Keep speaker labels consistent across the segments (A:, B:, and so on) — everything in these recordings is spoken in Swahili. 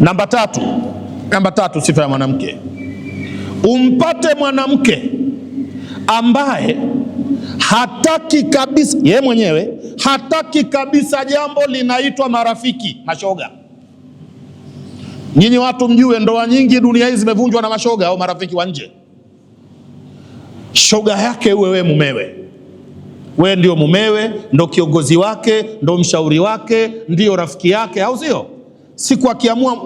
A: Namba tatu, namba tatu, sifa ya mwanamke, umpate mwanamke ambaye hataki kabisa yeye mwenyewe hataki kabisa jambo linaitwa marafiki, mashoga. Nyinyi watu mjue, ndoa nyingi dunia hii zimevunjwa na mashoga au marafiki wa nje. Shoga yake uwe wewe mumewe, wewe ndio mumewe, ndo kiongozi wake, ndo mshauri wake, ndio rafiki yake, au sio? Siku akiamua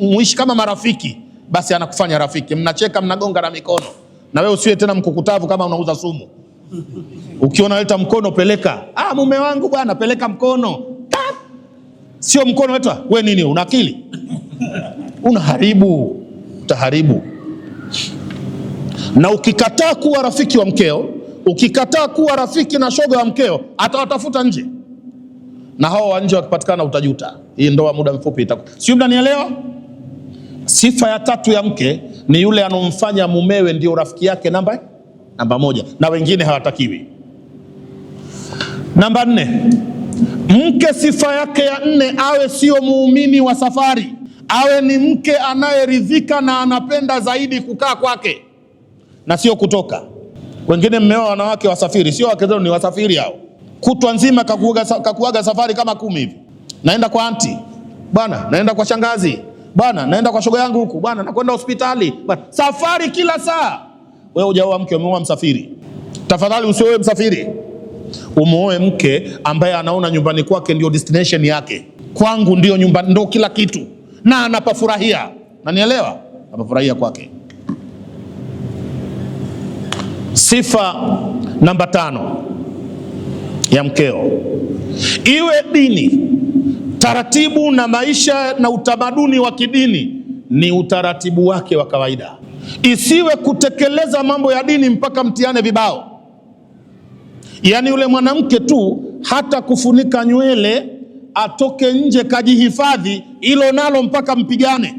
A: muishi kama marafiki, basi anakufanya rafiki, mnacheka, mnagonga na mikono. Na wewe usiwe tena mkukutavu kama unauza sumu. Ukiona leta mkono, peleka. Ah, mume wangu bwana, peleka mkono. Sio mkono leta. We nini, una akili? Unaharibu, utaharibu. Na ukikataa kuwa rafiki wa mkeo, ukikataa kuwa rafiki na shoga wa mkeo, atawatafuta nje na hao wa nje wakipatikana utajuta. Hii ndoa muda mfupi itaku, sio? Mnanielewa? Sifa ya tatu ya mke ni yule anomfanya mumewe ndio rafiki yake namba namba moja, na wengine hawatakiwi. Namba nne, mke sifa yake ya nne, awe sio muumini wa safari, awe ni mke anayeridhika na anapenda zaidi kukaa kwake na sio kutoka. Wengine mmeoa wanawake wasafiri, sio wake zenu, ni wasafiri hao kutwa nzima kakuaga, kakuaga safari kama kumi hivi, naenda kwa anti bwana, naenda kwa shangazi bwana, naenda kwa shoga yangu huku bwana, nakwenda hospitali bwana, safari kila saa. Wewe hujaoa mke, umeoa msafiri. Tafadhali usioe msafiri, umuoe mke ambaye anaona nyumbani kwake ndio destination yake. Kwangu ndio nyumba, ndio kila kitu, na anapafurahia, nanielewa, anapafurahia kwake. Sifa namba tano ya mkeo, iwe dini, taratibu na maisha na utamaduni wa kidini ni utaratibu wake wa kawaida, isiwe kutekeleza mambo ya dini mpaka mtiane vibao. Yaani yule mwanamke tu hata kufunika nywele, atoke nje kajihifadhi, ilo nalo mpaka mpigane.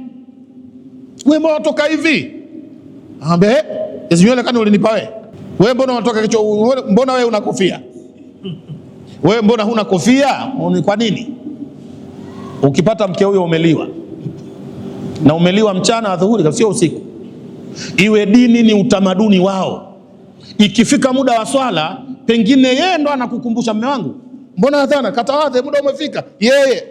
A: We mbona hivi? Ambe hizi nywele kani ulinipa we? We mbona unatoka kichwa? Mbona we unakufia? wewe mbona huna kofia? Ni kwa nini? Ukipata mke huyo umeliwa, na umeliwa mchana adhuhuri, sio usiku. Iwe dini ni utamaduni wao. Ikifika muda wa swala, pengine yeye ndo anakukumbusha, mme wangu, mbona adhana? Kata muda umefika. Yeye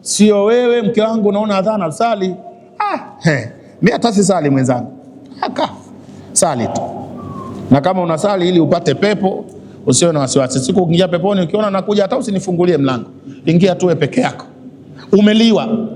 A: sio wewe, mke wangu, naona adhana usali. Ah, mimi hata sali mwenzangu, aka sali tu, na kama unasali ili upate pepo Usiwe na wasiwasi, siku ukiingia peponi, ukiona nakuja, hata usinifungulie mlango, ingia tuwe peke yako, umeliwa.